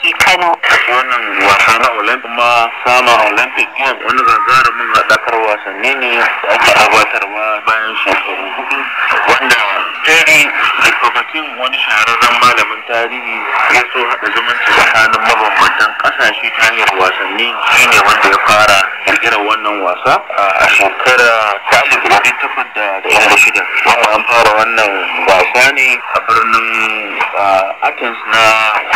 ke Kano. Wannan wasa na Olympic ma sama Olympic Game wani gagarumin haɗakar wasanni ne da ake gabatarwa bayan shekaru hudu wanda tarihi diplomatin wani shahararren malamin tarihi ya so haɗa zumunci tsakanin mabambantan ƙasashe ta hanyar wasanni shine wanda ya fara ƙirƙirar wannan wasa a shekara ta alif takwas da ɗari shida wanda an fara wannan wasa ne a birnin ah, Athens na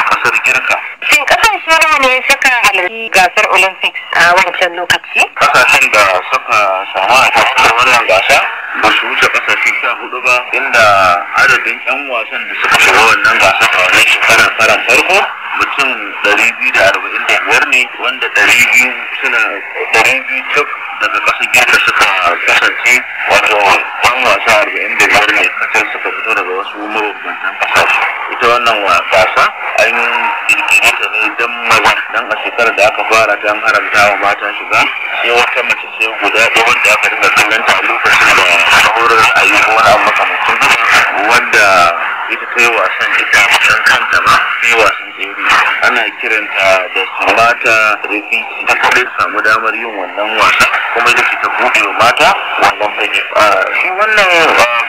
ƙasar Girka. Shin ƙasashe nawa ne suka halarci gasar Olympics a wancan lokaci? Ƙasashen da suka samu a wannan gasa ba su wuce kasashe sha hudu ba inda adadin yan wasan da suka shiga wannan gasa a wannan shekarar karan farko mutum ɗari biyu da arba'in da biyar ne wanda ɗari biyu suna ɗari biyu daga ƙasar girka suka can a shekarar da aka fara ta haramta wa mata shiga sai wata mace ce guda ɗaya wanda aka dinga kallon ta a lokacin da mahorar ayi ko wani abu makamancin wanda ita ta yi wasan ita mutan kanta ma sai wasan tsere ana kiranta da mata rikici, ta kare samu damar yin wannan wasa kuma ita ta buɗe wa mata wannan fage shi wannan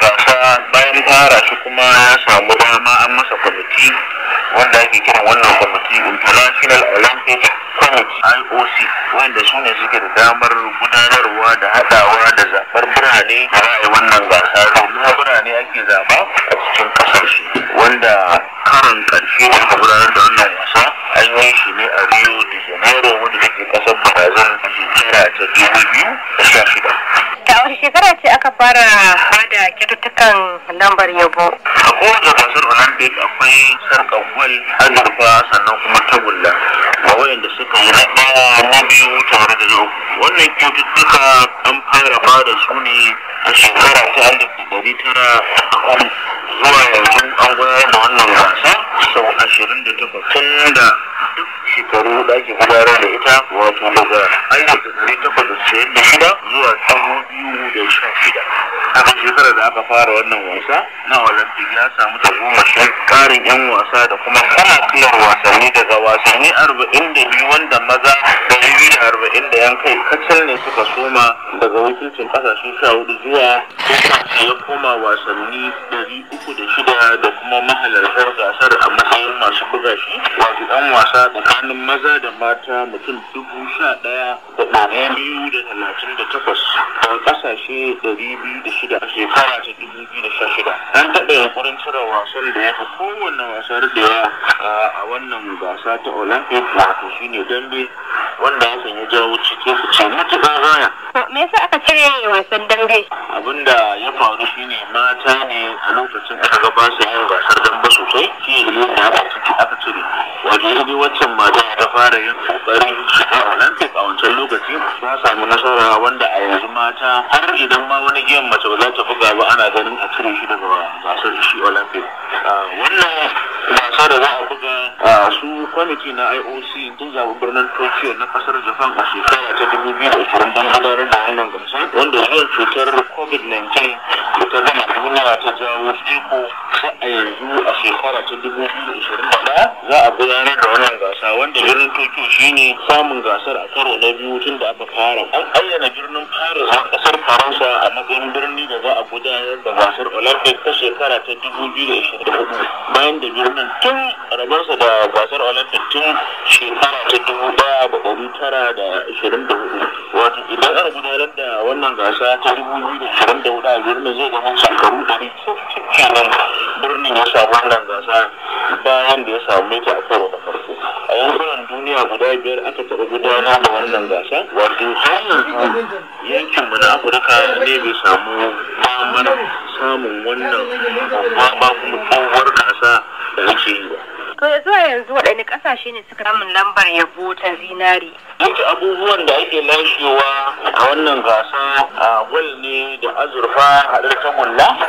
gasa bayan fara shi kuma ya samu dama an masa kwamiti wanda ake kiran wannan kwamiti international olympic committee ioc wanda su ne suke da damar gudanarwa da hadawa da zabar birane da ra'ayi wannan gasa domin birane ake zaba a cikin kasashe wanda karin karshe da gudanar da wannan wasa an yi shi ne a rio de janeiro wanda take kasar brazil shekara ta dubu biyu da sha shida. ta wace shekara ce aka fara kyaututtukan lambar yabo. A kowace gasar Olympic akwai sarkar gwal, azurfa sannan kuma tagulla. a wayanda suka yi na ɗaya na biyu tare da na uku. Wannan kyaututtuka an fara fara su ne a shekara ta alif da dari tara zuwa yanzu an gudanar da wannan wasa sau ashirin da takwas tun da duk shekaru da ake gudanar da ita wato daga alif da dari takwas da sayar da shida zuwa dubu biyu da sha shida a shekarar da aka fara wannan wasa na olympic ya samu tagomashin karin yan wasa da kuma kalakilar wasanni daga wasanni arba'in da biyu wanda maza da biyu da arba'in da yan kai kacal ne suka soma daga wakilcin kasashen sha hudu zuwa kasashe ya koma wasanni ɗari uku da shida da kuma mahalartar gasar a matsayin masu buga shi wato ɗan wasa tsakanin maza da mata mutum dubu sha ɗaya da dari biyu da talatin da takwas a kasashe ɗari biyu da shida a shekara ta dubu biyu da sha shida an taɓa yankurin cire wasan da ya fi kowane wasar ya a wannan gasa ta olympic wato shine dambe wanda hakan ya jawo cike su ce matuƙa raya. me yasa aka cire wasan dambe da ya faru shine mata ne a lokacin aka ga ba su yin gasar dambe sosai shi ne da aka ciki aka cire waje ne waccan mata ta fara yin kokarin shiga olympic a wancan lokaci ta samu nasara wanda a yanzu mata har idan ma wani giyan mace ba za ta buga ba ana ganin a cire shi daga gasar shi olympic ah, wannan gasar da za a su kwamiti na IOC tun zaɓi birnin Tokyo na kasar Japan a shekara ta 2020 don gudanar da wannan gamsan wanda zuwan cutar COVID-19 ta gama duniya ta jawo iko sai a yanzu a shekara ta 2021 za a gudanar da wannan gasa wanda birnin Tokyo shine samun gasar a karo na biyu tun da aka fara. An ayyana birnin Paris a kasar Faransa a matsayin birni da za a gudanar da gasar Olympic ta shekara ta 2024. da biyar nan tun rabarsa da gasar olympic tun shekara ta dubu daya da ɗari tara da ashirin da hudu wato idan aka gudanar da wannan gasa ta dubu biyu da ashirin da hudu a birnin zai zama shekaru ɗari kenan birnin ya samu wannan gasa bayan da ya samu mita a karo da farko a yankunan duniya guda biyar aka taɓa gudanar da wannan gasa wato har yanzu yankinmu na afirka ne bai samu damar samun wannan ba kuma tsohuwar ba yi ba to ya zuwa yanzu waɗanne ƙasashe ne suka samun lambar yabo ta zinari yanzu abubuwan da ake lashewa a wannan gasa a gwal ne da azurfa haɗar ta mulla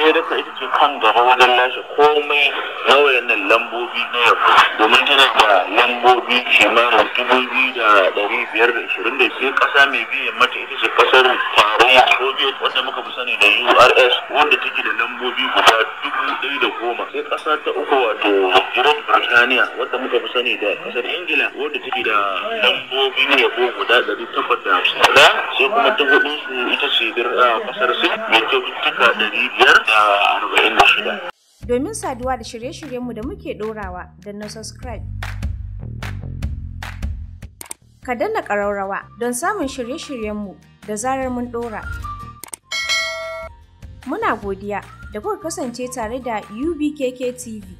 america ita ce kan gaba wajen lashe komai na wayannan lambobi na yau domin tana da lambobi kimanin dubu biyu da ɗari biyar da ishirin da biyu ƙasa mai biyan mata ita ce ƙasar tarayyar soviet wanda muka fi sani da urs wanda take da lambobi guda dubu ɗaya da goma sai ƙasa ta uku wato great britania wanda muka fi sani da ƙasar ingila wanda take da lambobi ne ko guda ɗari takwas da hamsin sai kuma ta hudu ita ce ah, ƙasar sin mai kyaututtuka ɗari biyar Domin saduwa da shirye-shiryenmu da muke ɗorawa da na subscribe. Ka danna ƙaraurawa don samun shirye-shiryenmu da zarar mun ɗora. Muna godiya da kuka kasance tare da UBKK TV.